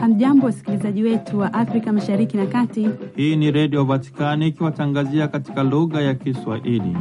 Hamjambo, wasikilizaji wetu wa Afrika mashariki na kati. Hii ni Redio Vatikani ikiwatangazia katika lugha ya Kiswahili.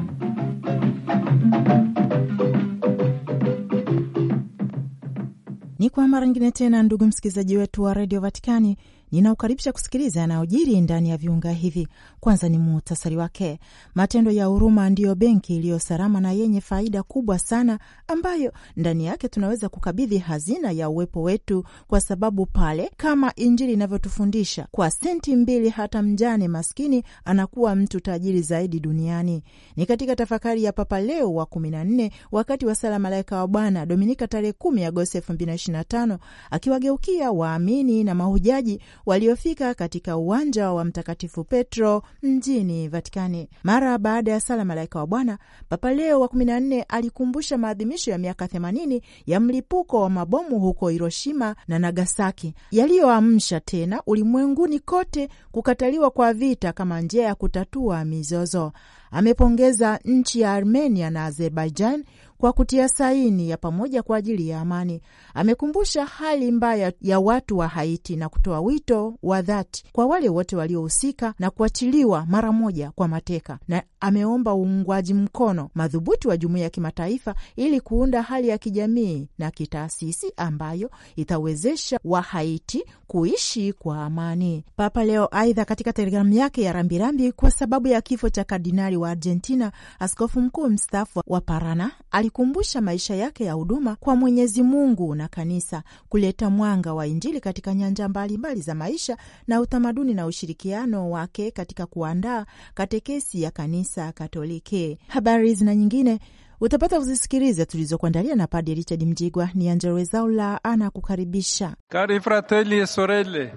Ni kwa mara nyingine tena, ndugu msikilizaji wetu wa Redio Vatikani ninaokaribisha kusikiliza yanayojiri ndani ya viunga hivi. Kwanza ni muhtasari wake. Matendo ya huruma ndiyo benki iliyo salama na yenye faida kubwa sana, ambayo ndani yake tunaweza kukabidhi hazina ya uwepo wetu, kwa sababu pale, kama Injili inavyotufundisha, kwa senti mbili hata mjane maskini anakuwa mtu tajiri zaidi duniani. Ni katika tafakari ya Papa Leo wa 14 wakati wa sala Malaika wa Bwana Dominika tarehe 10 Agosti 2025 akiwageukia waamini na mahujaji waliofika katika uwanja wa Mtakatifu Petro mjini Vatikani. Mara baada ya sala Malaika wa Bwana, Papa Leo wa 14 alikumbusha maadhimisho ya miaka 80 ya mlipuko wa mabomu huko Hiroshima na Nagasaki yaliyoamsha tena ulimwenguni kote kukataliwa kwa vita kama njia ya kutatua mizozo. Amepongeza nchi ya Armenia na Azerbaijan kwa kutia saini ya pamoja kwa ajili ya amani. Amekumbusha hali mbaya ya watu wa Haiti na kutoa wito wa dhati kwa wale wote waliohusika na kuachiliwa mara moja kwa mateka, na ameomba uungwaji mkono madhubuti wa jumuiya ya kimataifa ili kuunda hali ya kijamii na kitaasisi ambayo itawezesha Wahaiti kuishi kwa amani. Papa leo aidha, katika telegramu yake ya rambirambi kwa sababu ya kifo cha kardinali wa Argentina, askofu mkuu mstaafu wa Parana, alikumbusha maisha yake ya huduma kwa Mwenyezi Mungu na kanisa, kuleta mwanga wa Injili katika nyanja mbalimbali za maisha na utamaduni na ushirikiano wake katika kuandaa katekesi ya kanisa Katoliki. Habari zina na nyingine utapata kuzisikiliza tulizokuandalia na Padre Richard Mjigwa. Ni Angella Rwezaula anakukaribisha. Cari fratelli e sorelle,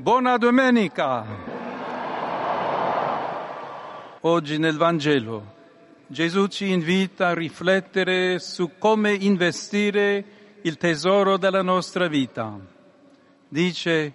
buona domenica. Oggi nel Vangelo Gesù ci invita a riflettere su come investire il tesoro della nostra vita. Dice,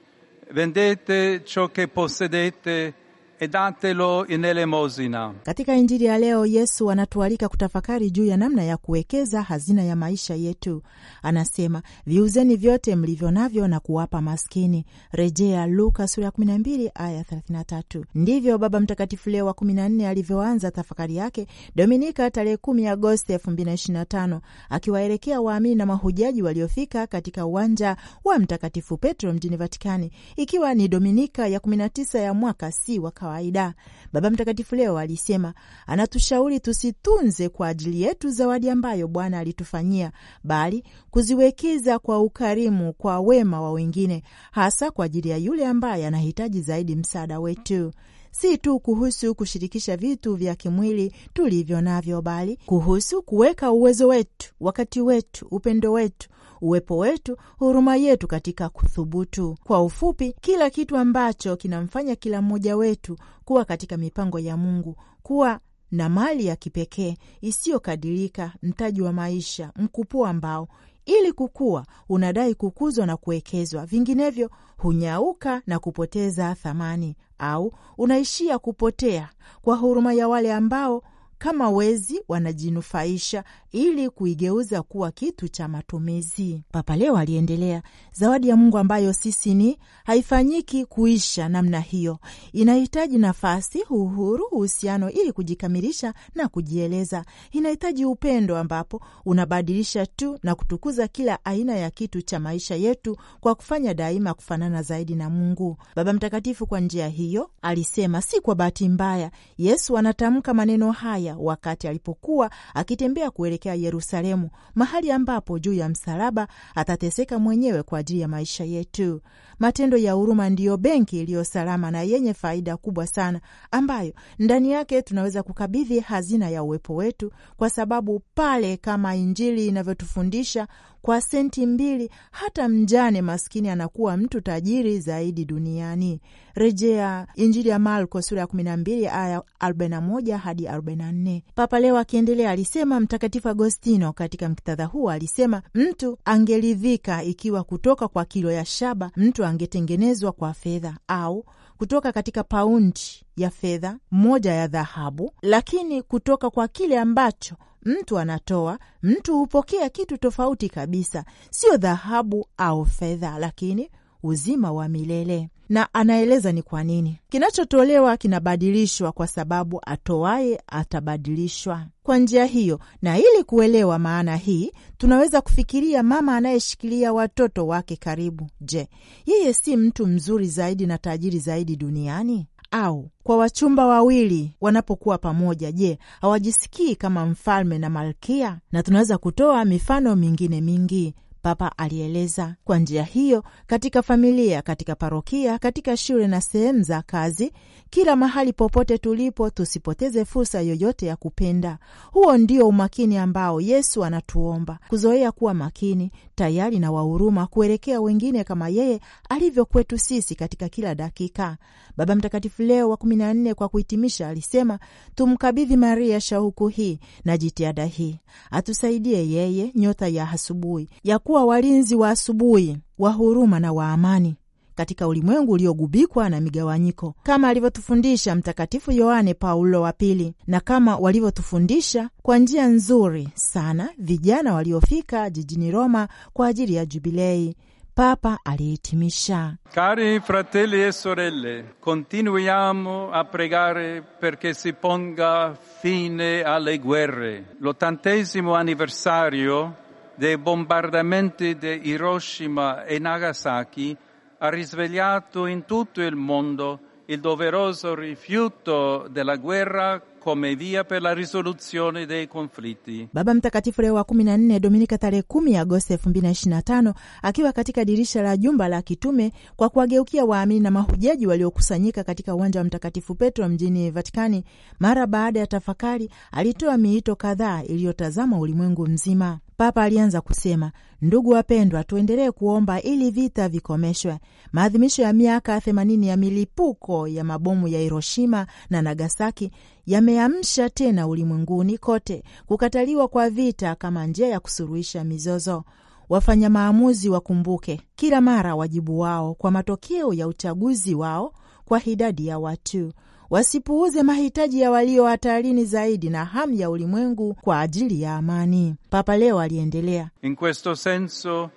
vendete ciò che possedete edantelo datelo Katika Injili ya leo Yesu anatualika kutafakari juu ya namna ya kuwekeza hazina ya maisha yetu. Anasema, viuzeni vyote mlivyo navyo na kuwapa maskini, rejea Luka sura ya 12 aya 33. Ndivyo Baba Mtakatifu Leo wa 14 alivyoanza tafakari yake Dominika tarehe 10 Agosti 2025 akiwaelekea waamini na mahujaji waliofika katika uwanja wa Mtakatifu Petro mjini Vatikani, ikiwa ni Dominika ya 19 ya mwaka si wa kawaida. Baba Mtakatifu leo alisema, anatushauri tusitunze kwa ajili yetu zawadi ambayo Bwana alitufanyia, bali kuziwekeza kwa ukarimu kwa wema wa wengine, hasa kwa ajili ya yule ambaye anahitaji zaidi msaada wetu si tu kuhusu kushirikisha vitu vya kimwili tulivyo navyo, bali kuhusu kuweka uwezo wetu, wakati wetu, upendo wetu, uwepo wetu, huruma yetu katika kuthubutu. Kwa ufupi, kila kitu ambacho kinamfanya kila mmoja wetu kuwa katika mipango ya Mungu, kuwa na mali ya kipekee isiyokadirika, mtaji wa maisha, mkupuo ambao ili kukua unadai kukuzwa na kuwekezwa, vinginevyo hunyauka na kupoteza thamani, au unaishia kupotea kwa huruma ya wale ambao kama wezi wanajinufaisha ili kuigeuza kuwa kitu cha matumizi. Papa Leo aliendelea, zawadi ya Mungu ambayo sisi ni haifanyiki kuisha namna hiyo, inahitaji nafasi, uhuru, uhusiano ili kujikamilisha na kujieleza. Inahitaji upendo ambapo unabadilisha tu na kutukuza kila aina ya kitu cha maisha yetu kwa kufanya daima kufanana zaidi na Mungu. Baba Mtakatifu kwa njia hiyo alisema, si kwa bahati mbaya Yesu anatamka maneno haya Isaya wakati alipokuwa akitembea kuelekea Yerusalemu, mahali ambapo juu ya msalaba atateseka mwenyewe kwa ajili ya maisha yetu. Matendo ya huruma ndiyo benki iliyo salama na yenye faida kubwa sana, ambayo ndani yake tunaweza kukabidhi hazina ya uwepo wetu, kwa sababu pale, kama Injili inavyotufundisha, kwa senti mbili hata mjane maskini anakuwa mtu tajiri zaidi duniani. Rejea Injili ya Marko sura ya 12 aya 41 hadi 44. Papa leo akiendelea alisema, Mtakatifu Agostino katika mktadha huu alisema, mtu angeridhika ikiwa kutoka kwa kilo ya shaba mtu angetengenezwa kwa fedha au kutoka katika paundi ya fedha moja ya dhahabu, lakini kutoka kwa kile ambacho mtu anatoa, mtu hupokea kitu tofauti kabisa, sio dhahabu au fedha, lakini uzima wa milele na anaeleza ni kwa nini kinachotolewa kinabadilishwa, kwa sababu atoaye atabadilishwa kwa njia hiyo. Na ili kuelewa maana hii, tunaweza kufikiria mama anayeshikilia watoto wake karibu. Je, yeye si mtu mzuri zaidi na tajiri zaidi duniani? Au kwa wachumba wawili wanapokuwa pamoja, je, hawajisikii kama mfalme na malkia? Na tunaweza kutoa mifano mingine mingi Papa alieleza kwa njia hiyo, katika familia, katika parokia, katika shule na sehemu za kazi, kila mahali popote tulipo, tusipoteze fursa yoyote ya kupenda. Huo ndio umakini ambao Yesu anatuomba kuzoea, kuwa makini, tayari na wahuruma kuelekea wengine kama yeye alivyo kwetu sisi katika kila dakika. Baba Mtakatifu Leo wa kumi na nne, kwa kuhitimisha, alisema tumkabidhi Maria shauku hii na jitihada hii, atusaidie yeye, nyota ya asubuhi ya kuwa kuwa walinzi wa asubuhi wa huruma na wa amani katika ulimwengu uliogubikwa na migawanyiko, kama alivyotufundisha Mtakatifu Yohane Paulo wa Pili, na kama walivyotufundisha kwa njia nzuri sana vijana waliofika jijini Roma kwa ajili ya Jubilei. Papa alihitimisha: kari fratelli e sorelle continuiamo a pregare perché si ponga fine alle guerre l'ottantesimo anniversario dei bombardamenti di Hiroshima e Nagasaki ha risvegliato in tutto il mondo il doveroso rifiuto della guerra come via per la risoluzione dei conflitti. Baba Mtakatifu Leo wa 14 Dominika tarehe 10 Agosti 2025 akiwa katika dirisha la jumba la kitume kwa kuwageukia waamini na mahujaji waliokusanyika katika uwanja wa Mtakatifu Petro mjini Vatikani, mara baada ya tafakari alitoa miito kadhaa iliyotazama ulimwengu mzima. Papa alianza kusema Ndugu wapendwa, tuendelee kuomba ili vita vikomeshwe. Maadhimisho ya miaka 80 ya milipuko ya mabomu ya Hiroshima na Nagasaki yameamsha tena ulimwenguni kote kukataliwa kwa vita kama njia ya kusuluhisha mizozo. Wafanya maamuzi wakumbuke kila mara wajibu wao kwa matokeo ya uchaguzi wao kwa idadi ya watu wasipuuze mahitaji ya walio hatarini zaidi na hamu ya ulimwengu kwa ajili ya amani. Papa Leo aliendelea, in questo senso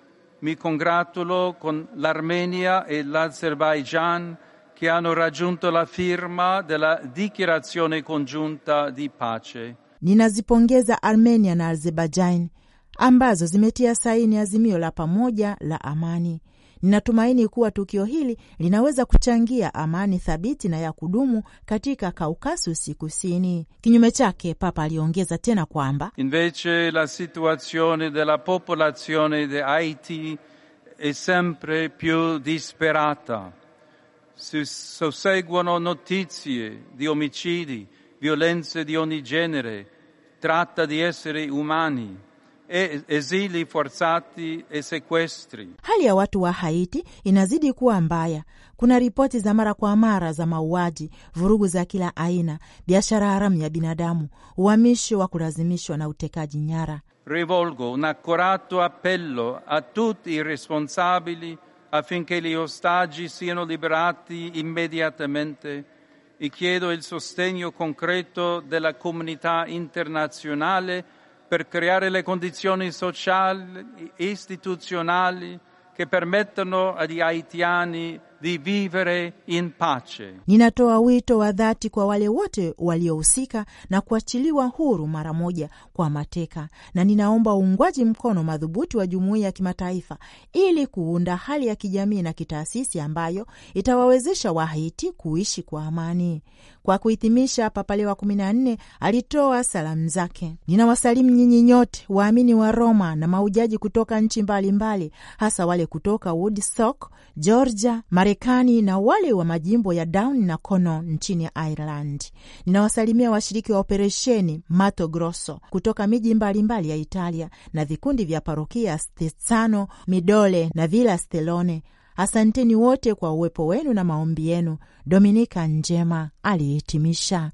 mi congratulo con l'Armenia e l'Azerbaijan che hanno raggiunto la firma della dichiarazione congiunta di pace. Ninazipongeza Armenia na Azerbaijan ambazo zimetia saini azimio la pamoja la amani. Ninatumaini kuwa tukio hili linaweza kuchangia amani thabiti na ya kudumu katika Kaukasus Kusini. Kinyume chake, Papa aliongeza tena kwamba invece la situazione della popolazione di de Haiti è sempre più disperata si susseguono notizie di omicidi, violenze di ogni genere, tratta di esseri umani E esili forzati e sequestri. Hali ya watu wa Haiti inazidi kuwa mbaya. Kuna ripoti za mara kwa mara za mauaji, vurugu za kila aina, biashara haramu ya binadamu, uhamisho wa kulazimishwa na utekaji nyara. Rivolgo un accorato appello a tutti i responsabili affinché gli ostaggi siano liberati immediatamente e chiedo il sostegno concreto della comunità internazionale per creare le condizioni sociali e istituzionali che permettono agli haitiani di vivere in pace. Ninatoa wito wa dhati kwa wale wote waliohusika na kuachiliwa huru mara moja kwa mateka, na ninaomba uungwaji mkono madhubuti wa jumuiya ya kimataifa ili kuunda hali ya kijamii na kitaasisi ambayo itawawezesha Wahaiti kuishi kwa amani. Kwa kuhitimisha, Papa Leo wa kumi na nne alitoa salamu zake: ninawasalimu nyinyi nyote waamini wa Roma na maujaji kutoka nchi mbalimbali mbali, hasa wale kutoka Woodstock, Georgia, Marekani Marekani na wale wa majimbo ya Down na cono nchini Ireland. Ninawasalimia washiriki wa operesheni Mato Grosso kutoka miji mbalimbali ya Italia na vikundi vya parokia stetsano Midole na Villa Stellone. Asanteni wote kwa uwepo wenu na maombi yenu. Dominika njema, alihitimisha.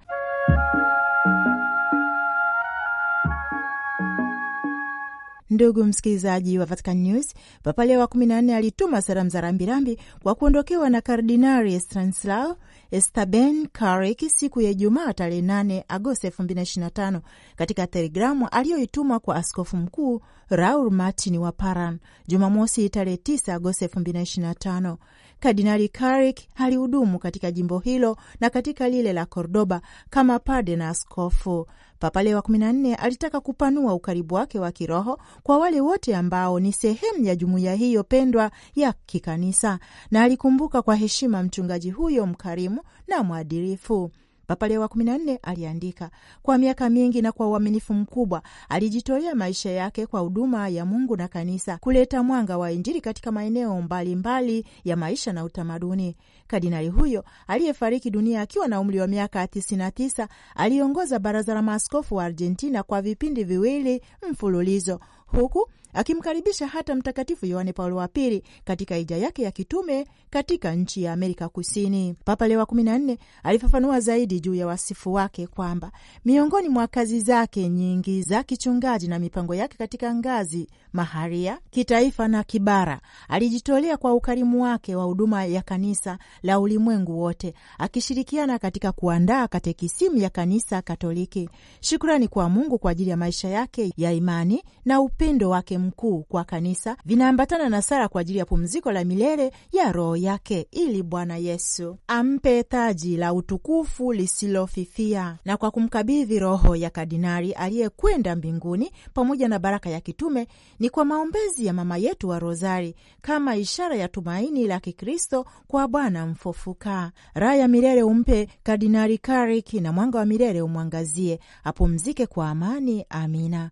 Ndugu msikilizaji wa Vatican News, Papa Leo wa 14 alituma salamu za rambirambi kwa kuondokewa na Kardinari Stanislao Estaben Karek siku ya Ijumaa tarehe 8 Agosti 2025 katika telegramu aliyoituma kwa askofu mkuu Raul Martin wa Paran Jumamosi tarehe 9 Agosti 2025. Kardinali Karek alihudumu katika jimbo hilo na katika lile la Cordoba kama pade na askofu Papa Leo wa 14 alitaka kupanua ukaribu wake wa kiroho kwa wale wote ambao ni sehemu ya jumuiya hiyo pendwa ya kikanisa, na alikumbuka kwa heshima mchungaji huyo mkarimu na mwadilifu. Papa Leo wa kumi na nne aliandika, kwa miaka mingi na kwa uaminifu mkubwa alijitolea maisha yake kwa huduma ya Mungu na kanisa, kuleta mwanga wa Injili katika maeneo mbalimbali ya maisha na utamaduni. Kardinali huyo aliyefariki dunia akiwa na umri wa miaka 99 aliongoza baraza la maaskofu wa Argentina kwa vipindi viwili mfululizo huku akimkaribisha hata Mtakatifu Yohane Paulo wa Pili katika hija yake ya kitume katika nchi ya Amerika Kusini. Papa Leo wa kumi na nne alifafanua zaidi juu ya wasifu wake kwamba miongoni mwa kazi zake nyingi za kichungaji na mipango yake katika ngazi maharia, kitaifa na kibara, alijitolea kwa ukarimu wake wa huduma ya kanisa la ulimwengu wote, akishirikiana katika kuandaa katekisimu ya kanisa Katoliki. Shukrani kwa Mungu kwa ajili ya maisha yake ya imani na upendo wake mkuu kwa kanisa vinaambatana na sala kwa ajili ya pumziko la milele ya roho yake, ili Bwana Yesu ampe taji la utukufu lisilofifia, na kwa kumkabidhi roho ya kardinali aliyekwenda mbinguni pamoja na baraka ya kitume, ni kwa maombezi ya mama yetu wa Rozari kama ishara ya tumaini la Kikristo kwa Bwana mfufuka. Raha ya milele umpe Kardinali Kariki, na mwanga wa milele umwangazie, apumzike kwa amani. Amina.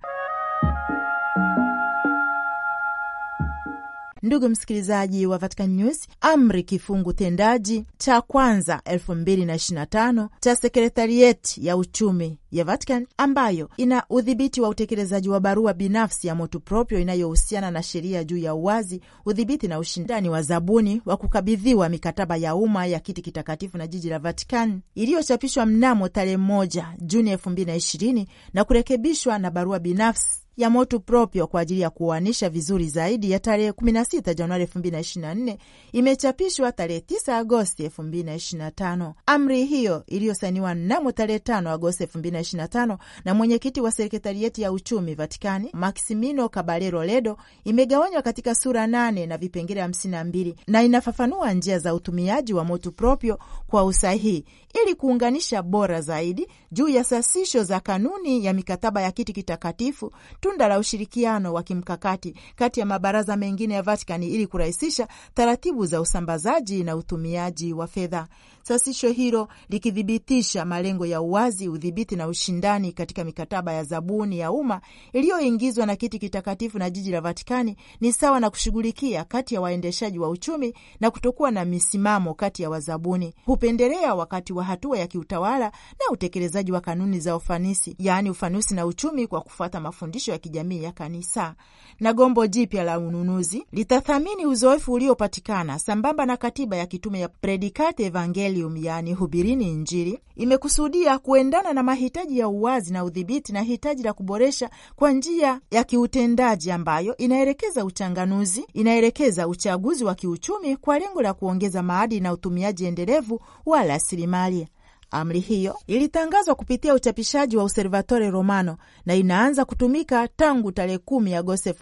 Ndugu msikilizaji wa Vatican News, amri kifungu tendaji cha kwanza 2025 cha sekretarieti ya uchumi ya Vatican ambayo ina udhibiti wa utekelezaji wa barua binafsi ya motu proprio inayohusiana na sheria juu ya uwazi, udhibiti na ushindani wa zabuni wa kukabidhiwa mikataba ya umma ya kiti kitakatifu na jiji la Vatican iliyochapishwa mnamo tarehe 1 Juni 2020 na kurekebishwa na barua binafsi ya motu proprio kwa ajili ya kuoanisha vizuri zaidi ya tarehe 16 Januari 2024 imechapishwa tarehe 9 Agosti 2025. Amri hiyo iliyosainiwa mnamo tarehe 5 Agosti 2025 na mwenyekiti wa sekretarieti ya uchumi Vatikani Maximino Caballero Ledo imegawanywa katika sura 8 na vipengele 52 na inafafanua njia za utumiaji wa motu proprio kwa usahihi ili kuunganisha bora zaidi juu ya sasisho za kanuni ya mikataba ya kiti kitakatifu tunda la ushirikiano wa kimkakati kati ya mabaraza mengine ya Vatikani ili kurahisisha taratibu za usambazaji na utumiaji wa fedha sasisho hilo likithibitisha malengo ya uwazi, udhibiti na ushindani katika mikataba ya zabuni ya umma iliyoingizwa na Kiti Kitakatifu na jiji la Vatikani ni sawa na kushughulikia kati ya waendeshaji wa uchumi na kutokuwa na misimamo kati ya wazabuni. Hupendelea wakati wa hatua ya kiutawala na utekelezaji wa kanuni za ufanisi, yaani ufanusi na uchumi, kwa kufuata mafundisho ya kijamii ya Kanisa. Na gombo jipya la ununuzi litathamini uzoefu uliopatikana sambamba na katiba ya kitume ya Predikate Evangelii Evangelium, yaani hubirini Injili, imekusudia kuendana na mahitaji ya uwazi na udhibiti na hitaji la kuboresha kwa njia ya kiutendaji ambayo inaelekeza uchanganuzi, inaelekeza uchaguzi wa kiuchumi kwa lengo la kuongeza maadili na utumiaji endelevu wa rasilimali. Amri hiyo ilitangazwa kupitia uchapishaji wa Osservatore Romano na inaanza kutumika tangu tarehe 10 Agosti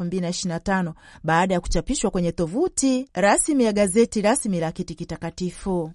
tano baada ya kuchapishwa kwenye tovuti rasmi ya gazeti rasmi la Kiti Kitakatifu.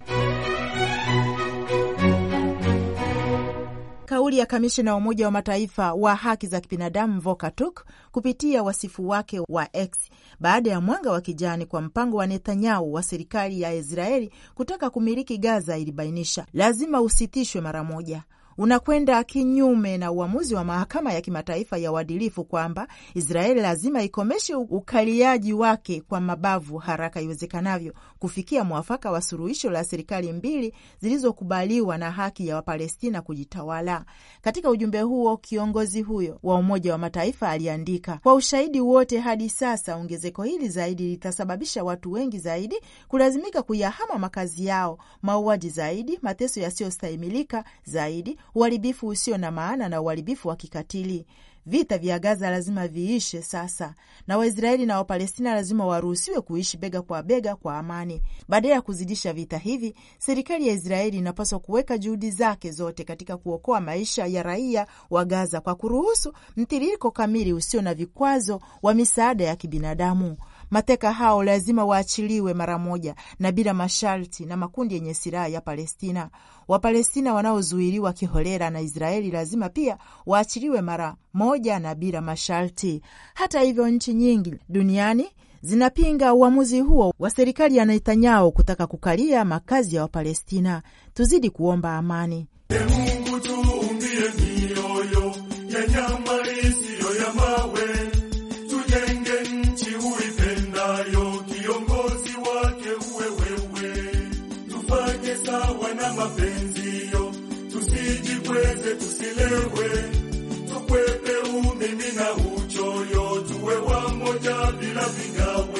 Kauli ya kamishina wa Umoja wa Mataifa wa haki za kibinadamu Volker Turk kupitia wasifu wake wa X baada ya mwanga wa kijani kwa mpango wa Netanyahu wa serikali ya Israeli kutaka kumiliki Gaza ilibainisha lazima usitishwe mara moja unakwenda kinyume na uamuzi wa mahakama ya kimataifa ya uadilifu kwamba Israeli lazima ikomeshe ukaliaji wake kwa mabavu haraka iwezekanavyo kufikia mwafaka wa suluhisho la serikali mbili zilizokubaliwa na haki ya Wapalestina kujitawala. Katika ujumbe huo, kiongozi huyo wa Umoja wa Mataifa aliandika, kwa ushahidi wote hadi sasa, ongezeko hili zaidi litasababisha watu wengi zaidi kulazimika kuyahama makazi yao, mauaji zaidi, mateso yasiyostahimilika zaidi uharibifu usio na maana na uharibifu wa kikatili. Vita vya Gaza lazima viishe sasa, na Waisraeli na Wapalestina lazima waruhusiwe kuishi bega kwa bega kwa amani. Badala ya kuzidisha vita hivi, serikali ya Israeli inapaswa kuweka juhudi zake zote katika kuokoa maisha ya raia wa Gaza kwa kuruhusu mtiririko kamili usio na vikwazo wa misaada ya kibinadamu. Mateka hao lazima waachiliwe mara moja na bila masharti na makundi yenye silaha ya Palestina. Wapalestina wanaozuiliwa kiholela na Israeli lazima pia waachiliwe mara moja na bila masharti. Hata hivyo, nchi nyingi duniani zinapinga uamuzi huo wa serikali ya Netanyahu kutaka kukalia makazi ya Wapalestina. Tuzidi kuomba amani. loving away.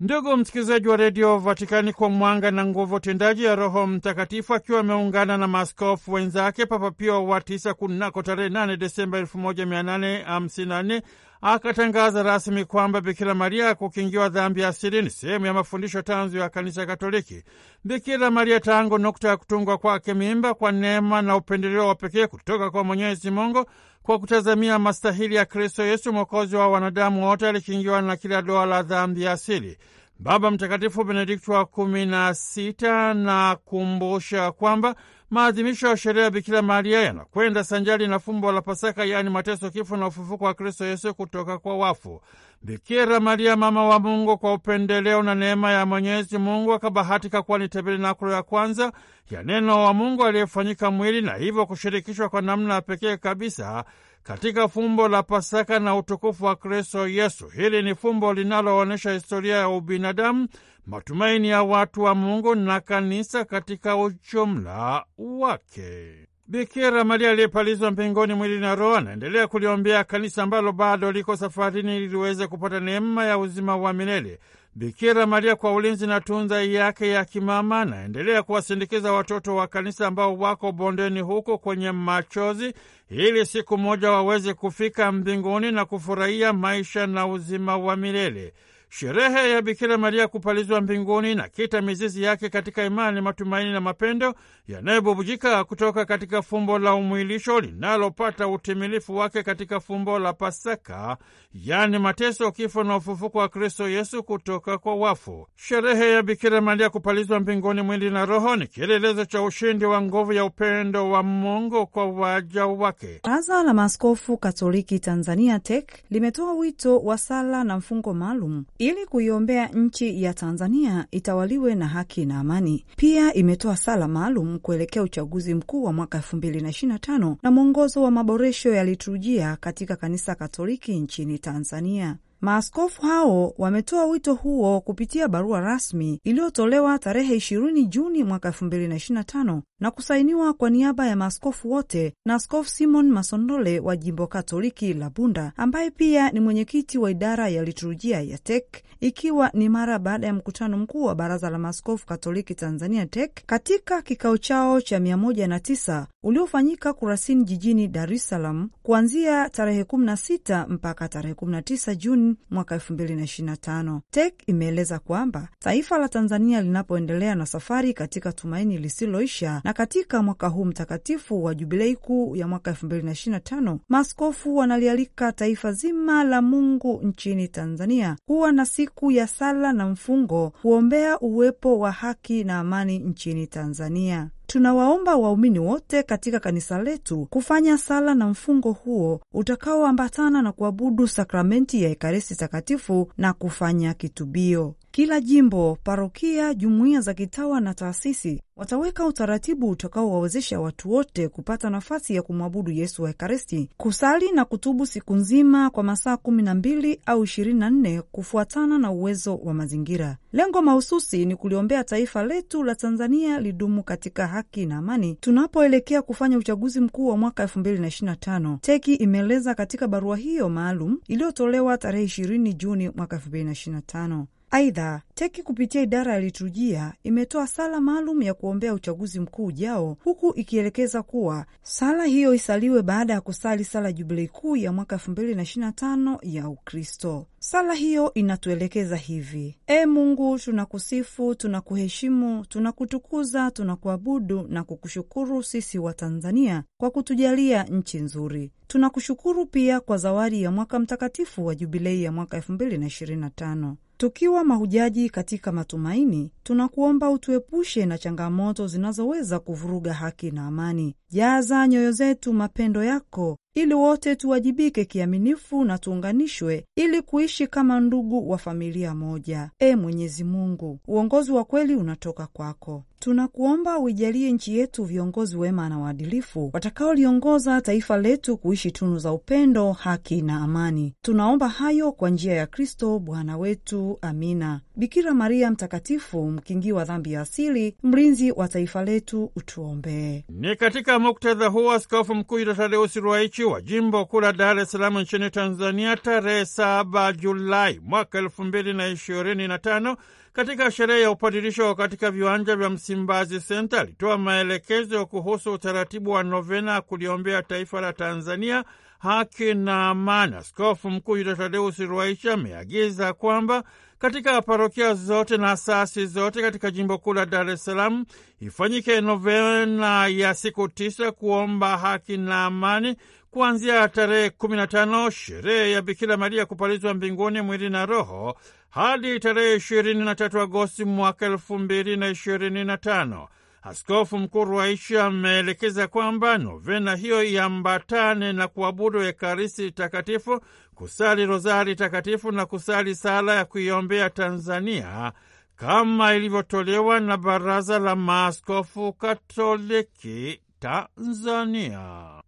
Ndugu msikilizaji wa redio Vatikani, kwa mwanga na nguvu tendaji ya Roho Mtakatifu, akiwa ameungana na maaskofu wenzake, Papa Pio wa tisa kunako tarehe 8 Desemba 1854 akatangaza rasmi kwamba Bikira Maria kukingiwa dhambi ya asili ni sehemu ya mafundisho tanzu ya Kanisa Katoliki. Bikira Maria tangu nukta ya kutungwa kwake mimba, kwa neema na upendeleo wa pekee kutoka kwa Mwenyezi Mungu, kwa kutazamia mastahili ya Kristo Yesu, mwokozi wa wanadamu wote, alikingiwa na kila doa la dhambi ya asili. Baba Mtakatifu Benedikto wa kumi na sita na kumbusha kwamba maadhimisho ya sherehe ya Bikira Maria yanakwenda sanjari na fumbo la Pasaka, yaani mateso, kifo na ufufuko wa Kristo Yesu kutoka kwa wafu. Bikira Maria mama wa Mungu kwa upendeleo na neema ya Mwenyezi Mungu akabahatika kuwa ni tabernakulo ya kwanza ya neno wa Mungu aliyefanyika mwili na hivyo kushirikishwa kwa namna ya pekee kabisa katika fumbo la Pasaka na utukufu wa Kristo Yesu. Hili ni fumbo linaloonyesha historia ya ubinadamu, matumaini ya watu wa Mungu na kanisa katika ujumla wake. Bikira Maria aliyepalizwa mbinguni mwili na roho anaendelea kuliombea kanisa ambalo bado liko safarini ili liweze kupata neema ya uzima wa milele. Bikira Maria kwa ulinzi na tunza yake ya kimama anaendelea kuwasindikiza watoto wa kanisa ambao wako bondeni huko kwenye machozi, ili siku moja waweze kufika mbinguni na kufurahia maisha na uzima wa milele. Sherehe ya Bikira Maria kupalizwa mbinguni na kita mizizi yake katika imani, matumaini na mapendo yanayobubujika kutoka katika fumbo la umwilisho linalopata utimilifu wake katika fumbo la Pasaka, yaani mateso, kifo na ufufuko wa Kristo Yesu kutoka kwa wafu. Sherehe ya Bikira Maria kupalizwa mbinguni mwili na roho ni kielelezo cha ushindi wa nguvu ya upendo wa Mungu kwa waja wake. Baraza la Maaskofu Katoliki Tanzania TEK limetoa wito wa sala na mfungo maalum ili kuiombea nchi ya Tanzania itawaliwe na haki na amani. Pia imetoa sala maalum kuelekea uchaguzi mkuu wa mwaka 2025 na mwongozo wa maboresho ya liturujia katika kanisa Katoliki nchini Tanzania. Maaskofu hao wametoa wito huo kupitia barua rasmi iliyotolewa tarehe 20 Juni mwaka 2025 na kusainiwa kwa niaba ya maaskofu wote na Askofu Simon Masondole wa jimbo Katoliki la Bunda, ambaye pia ni mwenyekiti wa idara ya liturujia ya tek ikiwa ni mara baada ya mkutano mkuu wa Baraza la Maaskofu Katoliki Tanzania tek katika kikao chao cha 109 uliofanyika Kurasini jijini Dar es Salaam kuanzia tarehe 16 mpaka tarehe 19 Juni mwaka 2025. TEC imeeleza kwamba taifa la Tanzania linapoendelea na safari katika tumaini lisiloisha na katika mwaka huu mtakatifu wa jubilei kuu ya mwaka 2025, maaskofu wanalialika taifa zima la Mungu nchini Tanzania kuwa na siku ya sala na mfungo kuombea uwepo wa haki na amani nchini Tanzania. Tunawaomba waumini wote katika kanisa letu kufanya sala na mfungo huo utakaoambatana na kuabudu sakramenti ya Ekaristi Takatifu na kufanya kitubio. Kila jimbo, parokia, jumuiya za kitawa na taasisi wataweka utaratibu utakaowawezesha watu wote kupata nafasi ya kumwabudu Yesu wa Ekaristi, kusali na kutubu siku nzima kwa masaa kumi na mbili au ishirini na nne kufuatana na uwezo wa mazingira. Lengo mahususi ni kuliombea taifa letu la Tanzania lidumu katika haki na amani tunapoelekea kufanya uchaguzi mkuu wa mwaka elfu mbili na ishirini na tano, TEKI imeeleza katika barua hiyo maalum iliyotolewa tarehe ishirini Juni mwaka elfu mbili na ishirini na tano. Aidha, Teki kupitia idara ya liturujia imetoa sala maalum ya kuombea uchaguzi mkuu ujao, huku ikielekeza kuwa sala hiyo isaliwe baada ya kusali sala jubilei kuu ya mwaka 2025 ya Ukristo. Sala hiyo inatuelekeza hivi: E Mungu, tunakusifu, tunakuheshimu, tunakutukuza, tunakuabudu na kukushukuru sisi wa Tanzania kwa kutujalia nchi nzuri. Tunakushukuru pia kwa zawadi ya mwaka mtakatifu wa jubilei ya mwaka 2025. Tukiwa mahujaji katika matumaini, tunakuomba utuepushe na changamoto zinazoweza kuvuruga haki na amani. Jaza nyoyo zetu mapendo yako ili wote tuwajibike kiaminifu na tuunganishwe ili kuishi kama ndugu wa familia moja. E Mwenyezi Mungu, uongozi wa kweli unatoka kwako. Tunakuomba uijalie nchi yetu viongozi wema na waadilifu watakaoliongoza taifa letu kuishi tunu za upendo, haki na amani. Tunaomba hayo kwa njia ya Kristo Bwana wetu. Amina. Bikira Maria Mtakatifu, mkingi wa dhambi ya asili, mlinzi wa taifa letu, utuombee. Ni katika muktadha huu askofu mkuu Tadeusi Ruwaichi mwenyekiti wa jimbo kuu la Dar es Salaam nchini Tanzania tarehe saba Julai mwaka elfu mbili na ishirini na tano katika sherehe ya upadirisho katika viwanja vya Msimbazi Senta alitoa maelekezo kuhusu utaratibu wa novena kuliombea taifa la Tanzania haki na amani. Askofu Mkuu Yuda Tadeus Ruwa'ichi ameagiza kwamba katika parokia zote na asasi zote katika jimbo kuu la Dar es Salaam ifanyike novena ya siku tisa kuomba haki na amani kuanzia tarehe 15 sherehe ya Bikira Maria kupalizwa mbinguni mwili na roho hadi tarehe 23 Agosti mwaka 2025. Askofu Mkuu Rwaisha ameelekeza kwamba novena hiyo iambatane na kuabudu Ekaristi Takatifu, kusali Rozari Takatifu na kusali sala ya kuiombea Tanzania kama ilivyotolewa na Baraza la Maaskofu Katoliki Tanzania.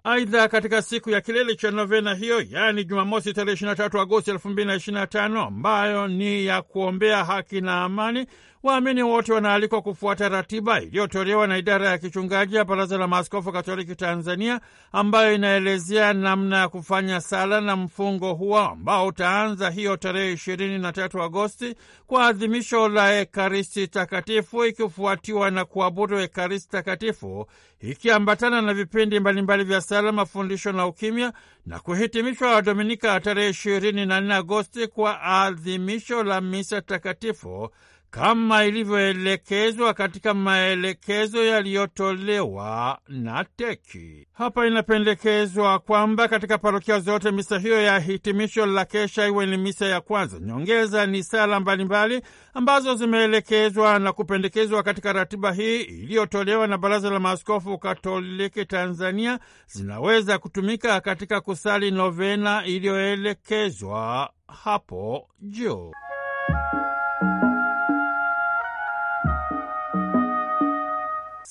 Aidha, katika siku ya kilele cha novena hiyo, yaani Jumamosi tarehe 23 Agosti 2025 ambayo ni ya kuombea haki na amani Waamini wote wanaalikwa kufuata ratiba iliyotolewa na idara ya kichungaji ya Baraza la Maaskofu Katoliki Tanzania, ambayo inaelezea namna ya kufanya sala na mfungo huo ambao utaanza hiyo tarehe ishirini na tatu Agosti kwa adhimisho la Ekaristi Takatifu, ikifuatiwa na kuabudu Ekaristi Takatifu, ikiambatana na vipindi mbalimbali vya sala, mafundisho na ukimya, na kuhitimishwa Dominika tarehe ishirini na nne Agosti kwa adhimisho la misa takatifu kama ilivyoelekezwa katika maelekezo yaliyotolewa na teki. Hapa inapendekezwa kwamba katika parokia zote misa hiyo ya hitimisho la kesha iwe ni misa ya kwanza. Nyongeza ni sala mbalimbali ambazo zimeelekezwa na kupendekezwa katika ratiba hii iliyotolewa na Baraza la Maaskofu Katoliki Tanzania zinaweza kutumika katika kusali novena iliyoelekezwa hapo juu.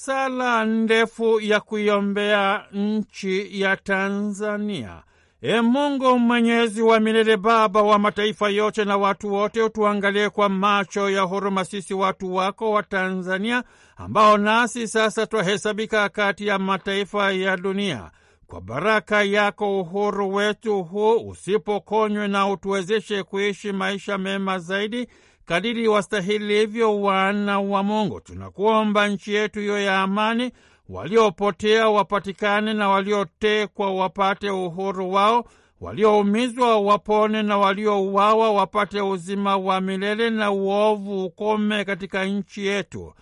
sala ndefu ya kuiombea nchi ya Tanzania. E Mungu Mwenyezi wa milele, Baba wa mataifa yote na watu wote, utuangalie kwa macho ya huruma sisi watu wako wa Tanzania, ambao nasi sasa twahesabika kati ya mataifa ya dunia. Kwa baraka yako uhuru wetu huu usipokonywe, na utuwezeshe kuishi maisha mema zaidi kadiri wastahilivyo wana wa Mungu. Tunakuomba nchi yetu iyo ya amani, waliopotea wapatikane na waliotekwa wapate uhuru wao, walioumizwa wapone na waliouawa wapate uzima wa milele, na uovu ukome katika nchi yetu.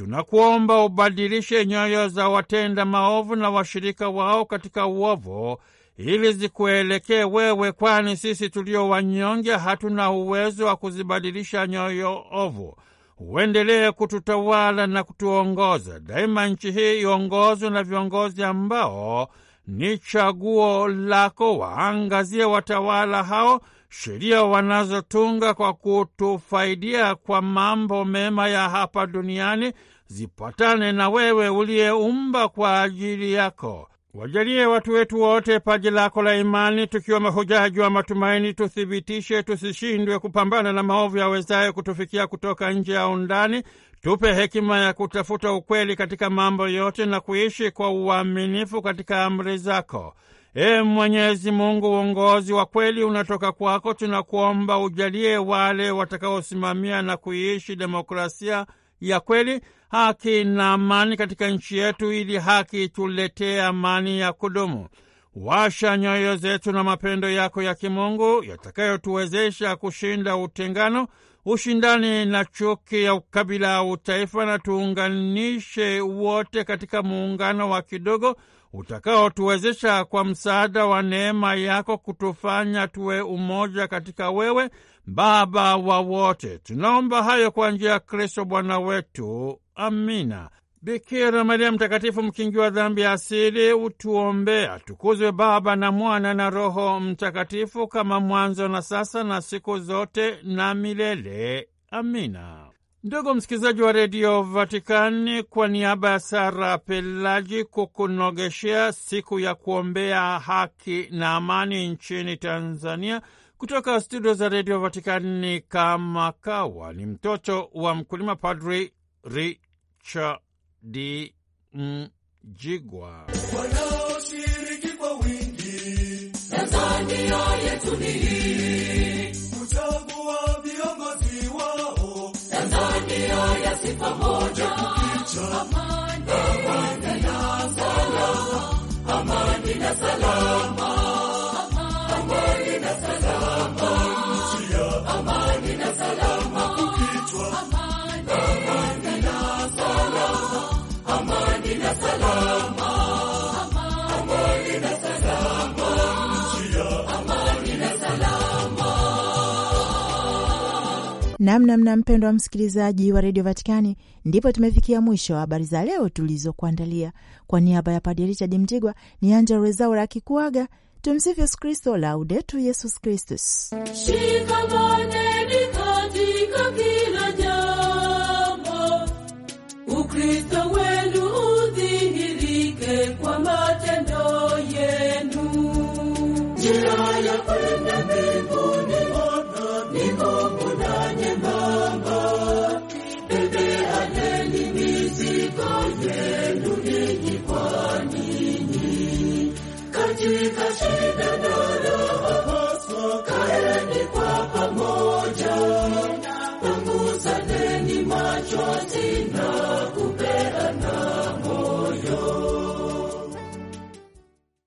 Tunakuomba ubadilishe nyoyo za watenda maovu na washirika wao katika uovu, ili zikuelekee wewe, kwani sisi tulio wanyonge hatuna uwezo wa kuzibadilisha nyoyo ovu. Uendelee kututawala na kutuongoza daima. Nchi hii iongozwe na viongozi ambao ni chaguo lako. Waangazie watawala hao sheria wanazotunga kwa kutufaidia kwa mambo mema ya hapa duniani zipatane na wewe uliyeumba kwa ajili yako. Wajalie watu wetu wote paji lako la imani, tukiwa mahujaji wa matumaini, tuthibitishe tusishindwe kupambana na maovu yawezayo kutufikia kutoka nje au ndani. Tupe hekima ya kutafuta ukweli katika mambo yote na kuishi kwa uaminifu katika amri zako. Ee Mwenyezi Mungu, uongozi wa kweli unatoka kwako. Tunakuomba ujalie wale watakaosimamia na kuiishi demokrasia ya kweli, haki na amani katika nchi yetu, ili haki ituletee amani ya kudumu. Washa nyoyo zetu na mapendo yako ya kimungu yatakayotuwezesha kushinda utengano, ushindani na chuki ya ukabila utaifa na tuunganishe wote katika muungano wa kidogo utakaotuwezesha kwa msaada wa neema yako kutufanya tuwe umoja katika wewe, Baba wa wote. Tunaomba hayo kwa njia ya Kristo Bwana wetu. Amina. Bikira Maria Mtakatifu, mkingi wa dhambi ya asili, utuombea. Tukuzwe Baba na Mwana na Roho Mtakatifu, kama mwanzo na sasa na siku zote na milele. Amina. Ndugu msikilizaji wa redio Vatikani, kwa niaba ya Sara Pelaji kukunogeshea siku ya kuombea haki na amani nchini Tanzania, kutoka studio za redio Vatikani. Kama kawa ni mtoto wa mkulima, Padri Richard Mjigwa. Tanzania yetu ni hii, kuchagua viongozi wa sisi pamoja, amani na amani na salama namnamna mpendo wa msikilizaji wa redio Vatikani, ndipo tumefikia mwisho wa habari za leo tulizokuandalia. Kwa niaba ya Padre Richard Mjigwa ni Anja Rezaura akikuaga. Tumsifu Yesu Kristo, laudetu Yesus Kristus.